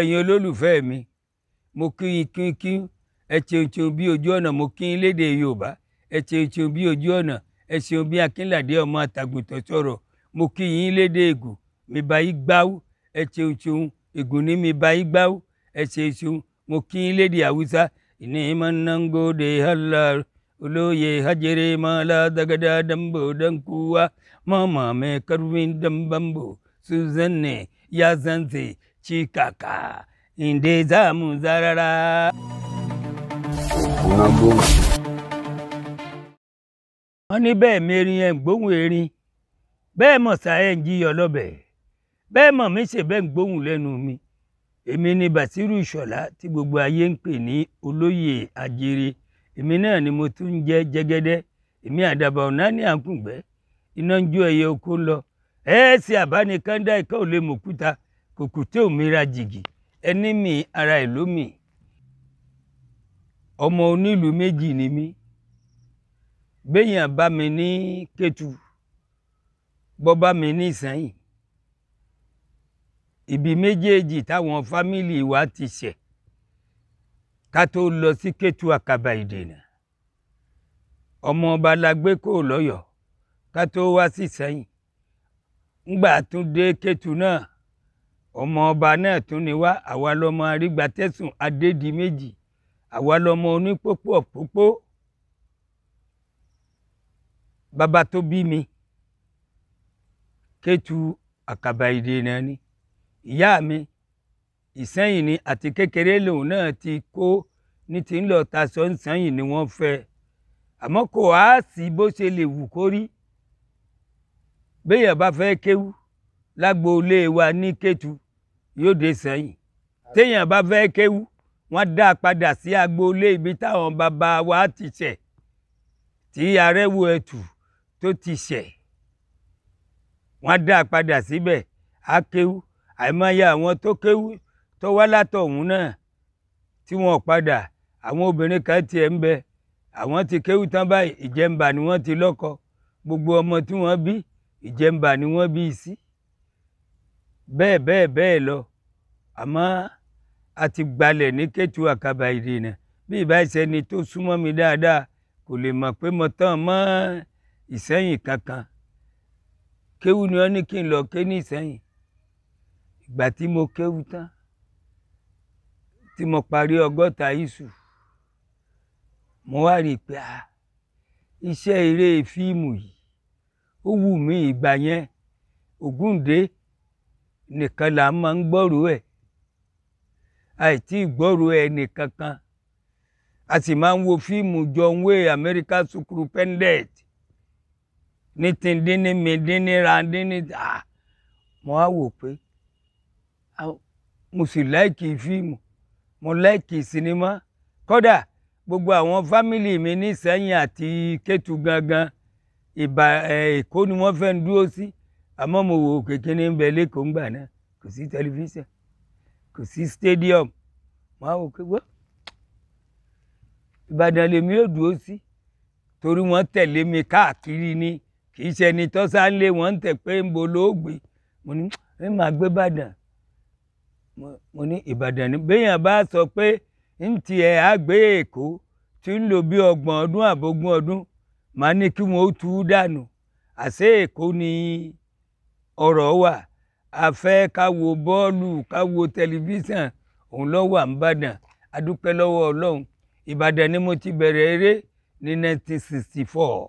ẹ̀yin olólùfẹ́ mi mo kí yín kí kí ẹ ṣeun ṣeun bí ojú ọ̀nà mo kí yín léde yorùbá ẹ ṣeun ṣeun bí ojú ọ̀nà ẹ ṣeun bí akínládé ọmọ àtàgùntàn sọ̀rọ̀ mo kí yín léde ègò mi bá yí gbáwó ẹ ṣeun ṣeun ègò ní mi bá yí gbáwó ẹ ṣeun ṣeun mo kí yín léde haúsá ìní mọ́nàngóde hàlá olóye hajere mọ́lá dàgàdà dàmbò dànkúwa mọ́mọ́ mi kárùmí dàmbàmbò suzanne yazanze chikaka indezamu zarara. wọ́n ní bẹ́ẹ̀ mẹ́rin ẹ̀ ń gbóhùn erin bẹ́ẹ̀ mọ̀ sá ẹ̀ ń jíyọ lọ́bẹ̀ bẹ́ẹ̀ mọ̀ mí ṣe bẹ́ẹ̀ ń gbóhùn lẹ́nu mi èmi ni Bàṣírù Ìṣọ̀lá tí gbogbo ayé ń pè ní olóyè àjèrè èmi náà ni mo tún ń jẹ́ jẹ́gẹ́dẹ́ èmi àdàbà ọ̀nà ní àkùngbẹ́ iná ń jó ẹyẹ oko ń lọ ẹ̀ẹ́sì àbánikán dá ìkọ́ ò lè mọ̀kúta kòkòté òmìnira jìgì ẹni mi ara ìlú mi ọmọ onílùú méjì ni mí béèyàn bá mi ní Kétu bọ́ bá mi ní Ìsẹ́yìn ibi méjèèjì táwọn fámìlì wa ti ṣẹ̀ ká tó lọ sí Kétu àkàbà ìdènà ọmọ la gbé kó lọ́yọ̀ọ́ ká tó wá sí Ìsẹ́yìn ńgbà tún dé Kétu náà ọmọ ọba náà tún ni wá àwa lọmọ arígbátẹ́sùn adédìméjì àwa lọmọ onípòpò òpópó bàbá tó bí mi kétu àkàbà ìdè náà ni ìyá mi ìsẹ́yìn ni àti kékeré lòun náà ti kó ní ti ń lọ ta sọ ń sẹ́yìn ni wọ́n fẹ́ àmọ́ kò á sí bó ṣe lè wù kó rí béèyàn bá fẹ́ kéwú lágbo ilé wa ní kétu yóò dé sẹ́yìn téèyàn bá fẹ́ kéwú wọ́n dá a padà sí agboolé ibi táwọn bàbá wa ti ṣẹ̀ tí arẹ́wò ẹ̀tù tó ti ṣẹ̀ wọ́n dá a padà síbẹ̀ á kéwú àìmọye àwọn tó kéwú tó wá látọ̀hún náà tí wọ́n padà àwọn obìnrin kan tiẹ̀ ń bẹ àwọn ti kéwú tán báyìí ìjẹ̀mbà ni wọ́n ti lọ́kọ gbogbo ọmọ tí wọ́n bí ìjẹ̀mbà ni wọ́n bí sí. Si bẹ́ẹ̀ bẹ́ẹ̀ bẹ́ẹ̀ lọ àmọ́ a ti gbalẹ̀ ní kẹ́tù àkàbà ìdènà bí ìbá ìsẹ́ni tó súnmọ́ mi dáadáa kò lè mọ̀ pé mo tán mọ́ ìsẹ́yìn kankan kéwú ni wọ́n ní kí n lọ ké ní ìsẹ́yìn ìgbà tí mo kéwú tán tí mo parí ọgọ́ta iṣu mo wá rí i pé ah iṣẹ́ eré fíìmù yìí ó wù mí ìgbà yẹn Ògúndé nìkan là máa ń gbọ́rò ẹ̀ àìtí ìgbọ́rò ẹ̀ nìkankan a sì máa ń wo fíìmù John Wayne America Superintendent ní tìǹdínní mìíndínní randínní ah mo á wò pé mo sì láìkì fíìmù mo láìkì sinimá kódà gbogbo àwọn fámìlì mi ní Ìsẹ́yìn àti Kétu gangan ìbà Èkó ni wọ́n fẹ́ dúró sí ama mo wò kékeré ń bẹ lẹ́kọ̀ọ́ ńgbà kò sí tẹlifíṣàn kò sí stadium máa ibadan kéwọ́ ìbàdàn lèmi ò dúró sí torí wọ́n tẹ̀lé mi káàkiri ni kì í ṣe ẹni tó sáńlé wọ́n ń tẹ̀ pé ń bo lóògbé mo ní ẹ máa gbé ìbàdàn mo ní ni béèyàn bá sọ pé ń tiẹ̀ á gbé èkó tí ń bí ọgbọ̀n ọdún àbógún ọdún ní kí ọ̀rọ̀ wà a fẹ́ ká wo bọ́ọ̀lù ká wo tẹlifíṣàn òun ló wà nìbàdàn a dúpẹ́ lọ́wọ́ ọlọ́run ìbàdàn ni mo ti bẹ̀rẹ̀ eré ní 1964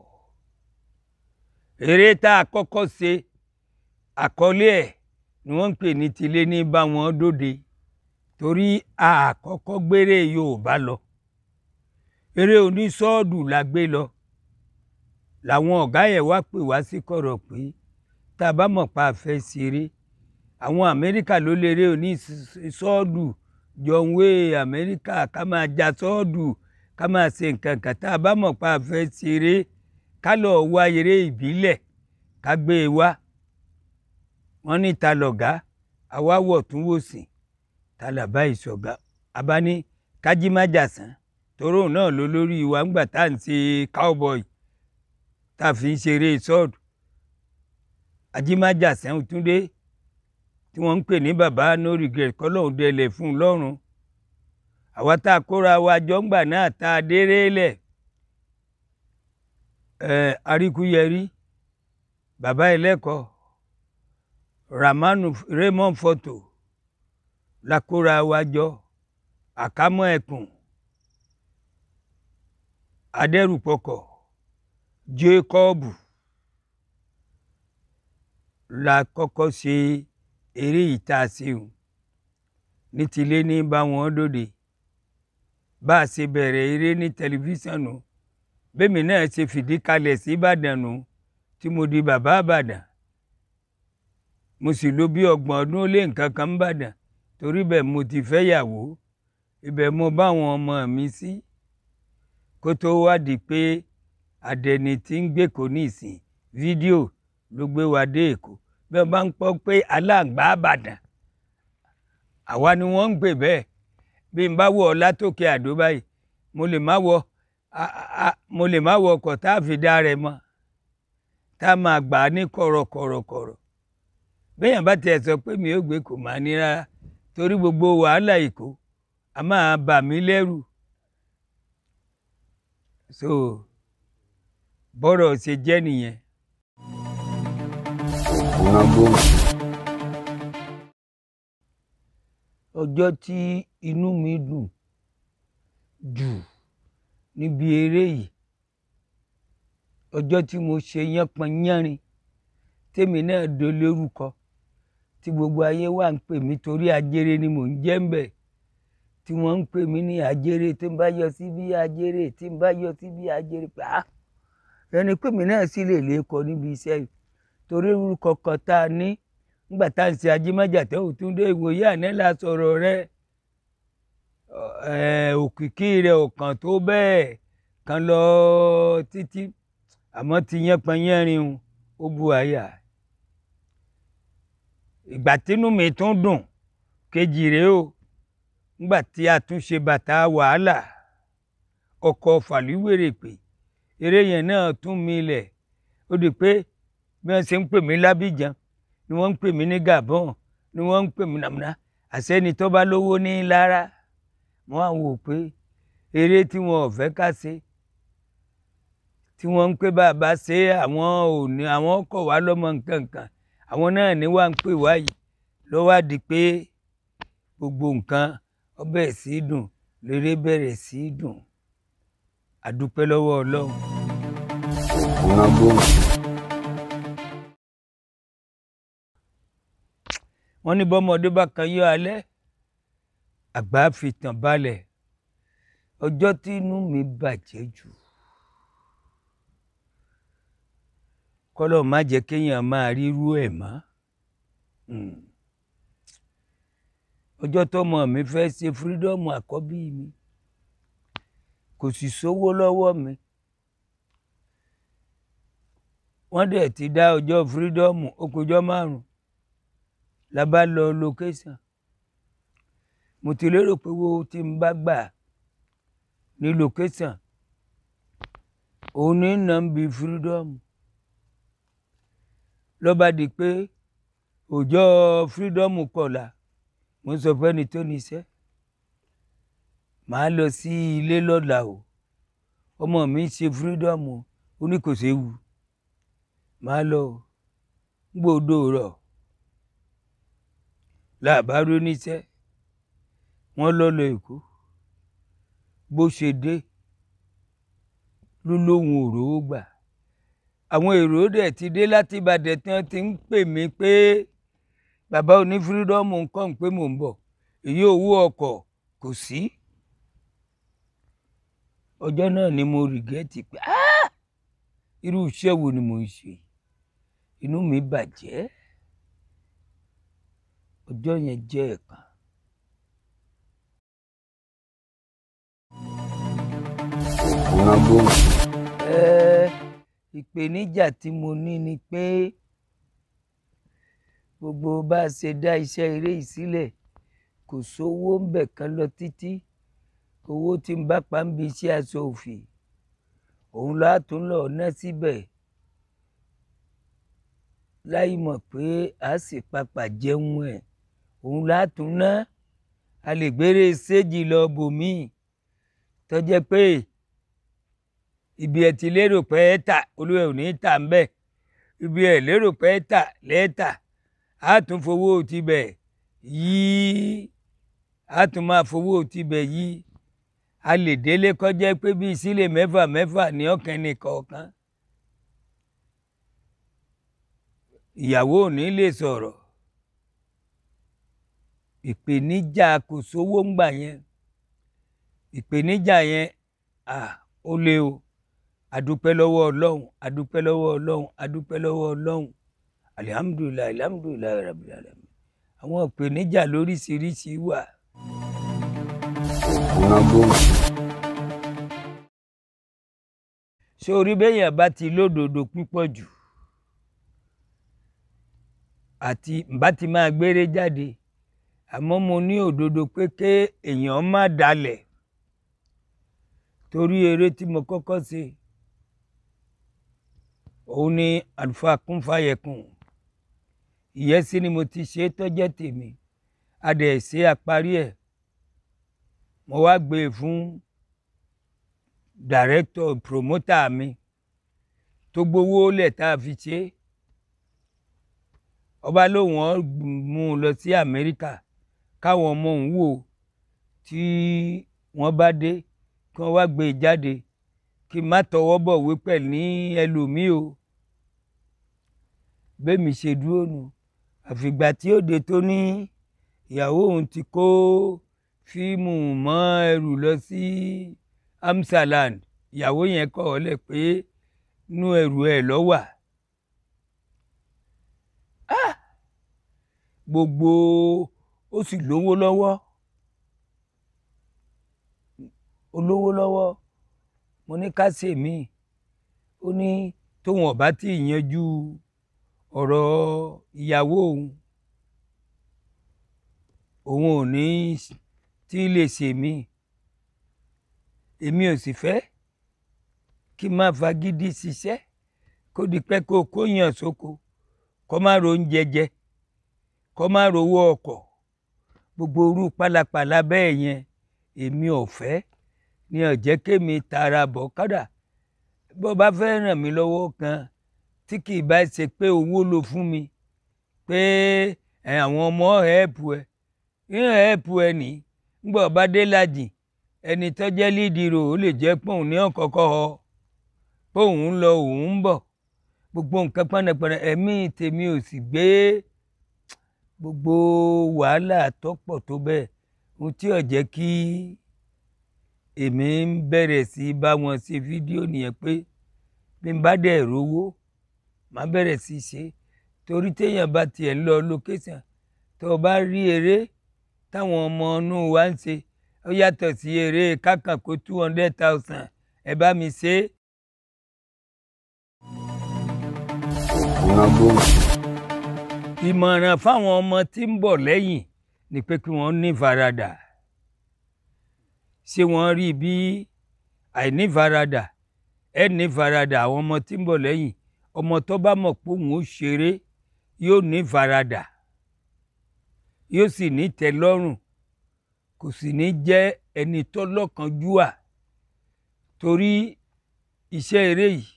eré tá a kọ́kọ́ ṣe àkọlé ẹ̀ ni wọ́n ń pè ní tilé ní bá wọn dóde torí a kọ́kọ́ gbére yorùbá lọ eré onísọ́ọ̀dù la gbé lọ làwọn ọ̀gá yẹn wá pè wá sí kọ̀rọ̀ pé tá a bá mọ̀ pa àfẹ́ ṣeré àwọn amẹ́ríkà ló lérè òní sọ́ọ̀dù John Wayne amẹ́ríkà ká máa ja sọ́ọ̀dù ká máa ṣe nǹkan kan tá a bá mọ̀ pa àfẹ́ ṣeré ká lọ wá eré ìbílẹ̀ ká gbé e wá wọ́n ní ta lọ̀gá àwa wọ̀ tún wò sí ta làbá ìṣọ̀gá abání kájímájàsán tóró náà ló lórí wa ńgbà tá à ń ṣe cowboy tá a fi ń ṣeré sọ́ọ̀dù ajímájà sẹ́hùn túndé tí wọ́n ń pè ní bàbá no regret kọ́lọ́hún délẹ̀ fún un lọ́rùn àwa tá a kóra wa jọ́ngbà náà tá a déré lẹ̀ ẹ̀ aríkúyẹrí ẹlẹ́kọ̀ọ́ ramanu raymond foto la kóra wa jọ àkámọ́ ẹkùn adẹ́rùpọ̀kọ̀ jẹ́kọ́ọ̀bù la kọ́kọ́ ṣe eré ìta sí o ní tilé ní bá wọn dòde bá a ṣe bẹ̀rẹ̀ eré ní tẹlifíṣàn nù bẹ́mi náà ṣe fìdí kalẹ̀ sí ìbàdàn nù tí mo di bàbá àbàdàn mo sì lò bí ọgbọ̀n ọdún ó lé nǹkan kan ń torí bẹ́ẹ̀ mo ti fẹ́ yàwó ibẹ̀ mo bá àwọn ọmọ mi sí kó tó wá di pé àdẹni tí ń gbé kò ní ìsìn fídíò lugbe gbé wa dé èkó bí wọn bá ń pọ pé aláǹgbá àbàdàn àwa ni wọn ń gbè bẹ́ẹ̀ bí n bá wọ ọlátòkè àdó báyìí mo lè má wọ mo lè má wọ ọkọ̀ tá a fi dá rẹ mọ tá a máa gbà á ní kọ̀rọ̀kọ̀rọ̀kọ̀rọ̀ bẹ́yàn sọ pé mi ò gbé kò ní rárá torí gbogbo wàhálà èkó a máa bà mí so ṣe nìyẹn. àwòrán goma. ọjọ́ tí inú mi dùn jù níbi eré yìí ọjọ́ tí mo ṣe yánpọnyánrin tèmi náà dolórúkọ tí gbogbo ayé wà ń pè mí torí ajere ni mò ń jẹ́ ń bẹ̀ tí wọ́n ń pè mí ní ajere tí ń bá yọ sí bí ajere tí ń bá yọ sí bí ajere pa ah! ẹni pè mí náà sì lè lè kọ níbi iṣẹ́ yìí torí irú kọ̀ọ̀kan tá a ní nígbà tá à ń ṣe ajímọ́jàtẹ́ òtúndé ìwòye ànẹ́là sọ̀rọ̀ rẹ òkìkí rẹ ọ̀kan tó bẹ́ẹ̀ kan lọ títí àmọ́ ti yẹn pẹ́yẹ́rin ó bu àyà ìgbà tínú mi tún dùn kejì rèé o nígbà tí a tún ṣe bàtà wàhálà ọkọ̀ fàlúwèrè pé eré yẹn náà tún mi lẹ̀ ó di pé bí wọ́n ṣe ń pè mí lábìjan ni wọ́n ń pè mí ní Gabon ni wọ́n ń pè mí nàmúná àṣẹ́ni tó bá lówó ní lára wọ́n á wò pé eré tí wọn ò fẹ́ ká ṣe tí wọ́n ń pè bàbá ṣe àwọn ò ní àwọn kọ̀ wá lọ́mọ nǹkan kan àwọn náà ní wá ń pè wá yìí lọ́wọ́ di pé gbogbo nǹkan ọbẹ̀ sí dùn lérè bẹ̀rẹ̀ sí dùn àdúpẹ́ lọ́wọ́ Ọlọ́run. ògùn wọ́n ní bọ́mọdé bá kan yọ alẹ́ àgbà fi tàn balẹ̀ ọjọ́ tí inú mi bàjẹ́ jù kọ́lọ̀ má jẹ́ kéèyàn máa rírú ẹ̀ mọ́ hmm. ọjọ́ tọmọ mi fẹ́ ṣe fírídọ́ọ̀mù àkọ́bí mi kò sì sówó lọ́wọ́ mi wọ́n dẹ̀ ti dá ọjọ́ fírídọ́ọ̀mù ó márùn la bá lọ location mo ti lérò pé wo tí n bá gbà ní location òun ní nà ń bi freedom ló bá di pé ọjọ́ freedom kọ̀la mo sọ fún ẹni tó níṣẹ́ màá lọ sí ilé lọ́la o ọmọ mi ń ṣe freedom o ó ní kò séwu màá lọ o ń làbárò níṣẹ́ wọ́n lọ lọ èkó bó ṣe dé ló lóun ò rówó gbà àwọn èrò dẹ̀ ti dé láti ìbàdàn tí wọ́n ti ń pè mí pé bàbá onífírídọ́ọ̀mù nǹkan ń pé mò ń bọ̀ èyí owó ọkọ̀ kò sí ọjọ́ náà ni mo rìgẹ́tì pé irú iṣẹ́ wo ni mo ń ṣe inú mi bàjẹ́ ọjọ́ yẹn jẹ́ ẹ̀kan. ìpèníjà tí mo ní ni pé gbogbo bá a ṣe dá iṣẹ́ eré yìí sílẹ̀ kò sówó ń bẹ̀ kan lọ títí owó tí ń bá pa ń bi iṣẹ́ aṣọ òfì òun látún lọ ná síbẹ̀ láì mọ̀ pé a sì papà jẹun ẹ̀ òun látún ná a lè gbére séjì lọ bòmíì tó jẹ́ pé ibi ẹ̀ ti lérò pé ẹ tà olúwa ò ní tà ń bẹ̀ ibi ẹ̀ lérò pé ẹ tà lẹ́ẹ̀tà á tún fowó tibẹ̀ yí á máa fowó tibẹ̀ yí a kọjá pé bíi sílè mẹ́fà mẹ́fà ní ọ̀kan nìkọ̀ọ̀kan ìyàwó ò ní lè sọ̀rọ̀ ìpèníjà kò sówó ń gbà yẹn ìpèníjà yẹn ó lé o adúpẹ́ lọ́wọ́ ọlọ́run adúpẹ́ lọ́wọ́ ọlọ́run adúpẹ́ lọ́wọ́ ọlọ́run alihamudulilayi alihamudulilayi rabil alamin àwọn ìpèníjà lóríṣiríṣi wà. ṣé orí bẹ́yẹn bá ti lódodo púpọ̀ jù àti bá ti máa gbére jáde àmọ́ mo ní òdodo pé ké èèyàn má dalẹ̀ torí eré tí mo kọ́kọ́ ṣe òun ni àlùfáà kúnfàyẹ̀kùn ìyẹn sì ni mo ti ṣe tọ́jẹ́ tèmi adẹ̀ ṣe àparí ẹ̀ mo wá gbé e fún dàrẹ́tọ̀ promoter mi tó gbowó lẹ̀ tá a fi ṣe ọba lóun ọ̀ mú un lọ sí Amẹ́ríkà káwọn ọmọ òun wò tí wọ́n bá dé kí wọ́n wá gbé e jáde kí n má tọwọ́ bọ̀ wé pẹ̀ ní ẹlòmíì o bẹ́mi ṣe dúró nù àfìgbà tí òde tó ní ìyàwó òun ti kó fíìmù mọ́ ẹrù lọ sí amsaland ìyàwó yẹn kọ̀ ọ́ pé inú ẹrù ẹ̀ ló wà. Ah! gbogbo ó sì lówó lọ́wọ́ olówó lọ́wọ́ mo ní ká ṣe mí ó ní tóun ọ̀bá tí ì yanjú ọ̀rọ̀ ìyàwó òun òun ò ní tí lè ṣe mí èmi ò sì fẹ́ kí má fagídí ṣiṣẹ́ kó di kó kó yàn sóko kó má ro oúnjẹ jẹ kó má rowó ọkọ̀ gbogbo irú pálapàla bẹ́ẹ̀ yẹn èmi ọ̀fẹ́ ni ọ̀jẹ́ kémi tara bọ̀ kádà bó bá fẹ́ ràn mí lọ́wọ́ kan tí kì í bá ṣe pé owó ló fún mi pé àwọn ọmọ ẹ̀ẹ́pù ẹ̀ ìhàn ẹ̀ẹ́pù ẹ̀ ní gbọ́ bá dé lájì ẹni tó jẹ́ lídìrò ó lè jẹ́ pòun ní ọ̀kọ̀ọ̀kọ̀ ọ pòun ń lọ òun ń bọ̀ gbogbo nǹkan pọnẹpọnẹ ẹ̀mí tèmi ò sì gbé gbogbo wàhálà tó pọ̀ tó bẹ́ẹ̀ ohun tí ò jẹ́ kí èmi ń bẹ̀rẹ̀ sí í bá wọn ṣe fídíò nìyẹn pé bí n bá dẹ̀ rówó màá bẹ̀rẹ̀ sí í ṣe torí téèyàn bá tiẹ̀ ń lọ lókèsàn tó o bá rí eré táwọn ọmọ inú wa ń ṣe ó yàtọ̀ sí eré kákan two hundred thousand ẹ bá mi ṣe é ìmọ̀ràn fáwọn ọmọ tí ń bọ̀ lẹ́yìn ni pé kí wọ́n ní faradà ṣé wọ́n rí bí àìní faradà ẹni faradà àwọn ọmọ tí ń bọ̀ lẹ́yìn ọmọ tó bá mọ̀ pé òun ó ṣeré yóò ní faradà yóò sì ní tẹ́lọ́rùn kò sì ní jẹ́ ẹni tó lọ́kànjúwà torí iṣẹ́ eré yìí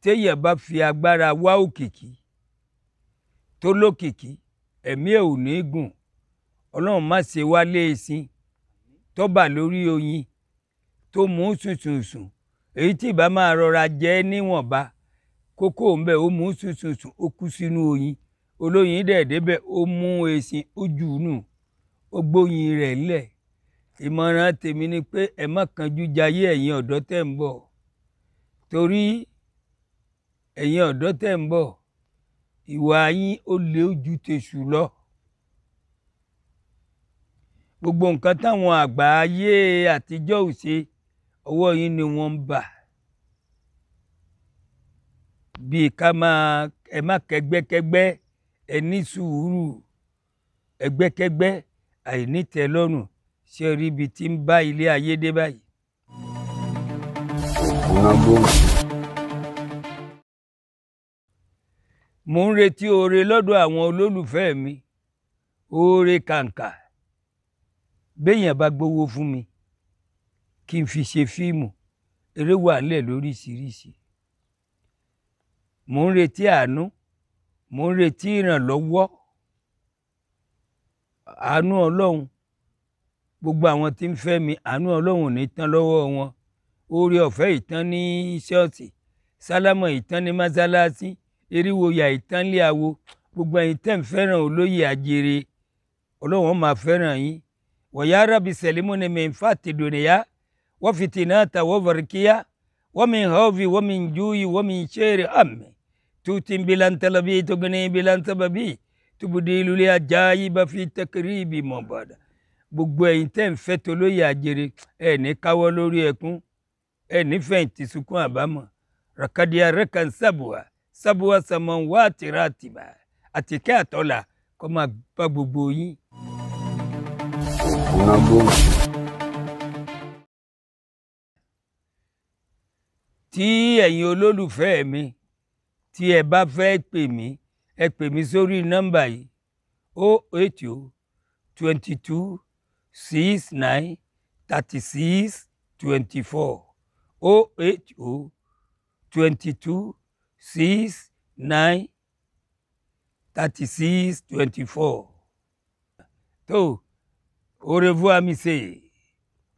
téèyàn bá fi agbára wá òkìkí tó lókìkí ẹ̀mí ẹ̀ ò ní gùn ọlọ́run má ṣe wá léèsín e tó bà lórí oyin tó mú sùnsùnsùn èyí tí ìbá máa rọra jẹ níwọ̀nba kókó ńbẹ ó mú sùnsùnsùn ó kú sínú oyin olóyin dẹ̀ débẹ̀ ó mú èsìn ó jù ó gbóyin rẹ̀ lẹ̀ ìmọ̀ràn tèmi ni pé ẹ má kanjú jayé ẹ̀yin ọ̀dọ́ tẹ̀ ń bọ̀ torí ẹ̀yin ọ̀dọ́ tẹ̀ ń bọ̀ ìwà yín ó lé ojú tèṣù lọ gbogbo nǹkan táwọn àgbà àtijọ́ ò ọwọ́ yín ni wọ́n ń bà bíi ká máa ẹ má kẹgbẹ́kẹgbẹ́ ẹ ní sùúrù ẹgbẹ́kẹgbẹ́ àìnítẹ́lọ́rùn ṣe rí ibi tí ń bá ilé ayé dé báyìí. mo ń retí oore lọ́dọ̀ àwọn olólùfẹ́ mi oore kàǹkà béèyàn bá gbowó fún mi kí n fi ṣe fíìmù eré wà nílẹ̀ lóríṣiríṣi mo ń retí àánú mo ń retí ìrànlọ́wọ́ àánú ọlọ́run gbogbo àwọn tí ń fẹ́ mi àánú ọlọ́run ò ní tán lọ́wọ́ wọn oore ọ̀fẹ́ ìtàn ní ṣọ́ọ̀ṣì sálámọ̀ ìtàn ní mọ́sálásí eriwo ya ìtànlé awo gbogbo ẹ̀yin tẹ́ ń fẹ́ràn olóyè àjèrè ọlọ́run máa fẹ́ràn yín wọ̀yá rábì sẹ̀límù ni mi fa tìdùnìyá wọ́n fi tì náà ta wọ́n fọ̀rìkíyá wọ́n mi hàwọ́fì wọ́n mi júwì wọ́n mi ṣẹ́ẹ̀rì àmì tuuti bilantalabi togini bilantalabi ajayi bafi tẹkiri ibi mọ̀ bàdà gbogbo ẹ̀yin tẹ́ ń fẹ́ tolóyè àjèrè ẹ̀ ní káwọ́ lórí ẹkún ẹ̀ nífẹ̀ẹ́ tìsùkún àbámọ̀ rakadia rẹ̀kan sábùwà sábúwá sàmọ wá àtìrá àtìbà àtìkẹ́ àtọ́là kọ́ máa bá gbogbo yín. tí ẹ̀yin olólùfẹ́ mi tí ẹ bá fẹ́ pè mí ẹ pè mí sórí nọ́mbà yìí o oh eight o oh, twenty two six nine thirty six twenty four o oh eight o twenty two. 6, 9, 36, 24. To, au revoir, monsieur.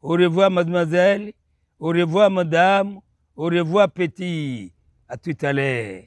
Au revoir, mademoiselle. Au revoir, madame. Au revoir, petit. À tout à l'heure.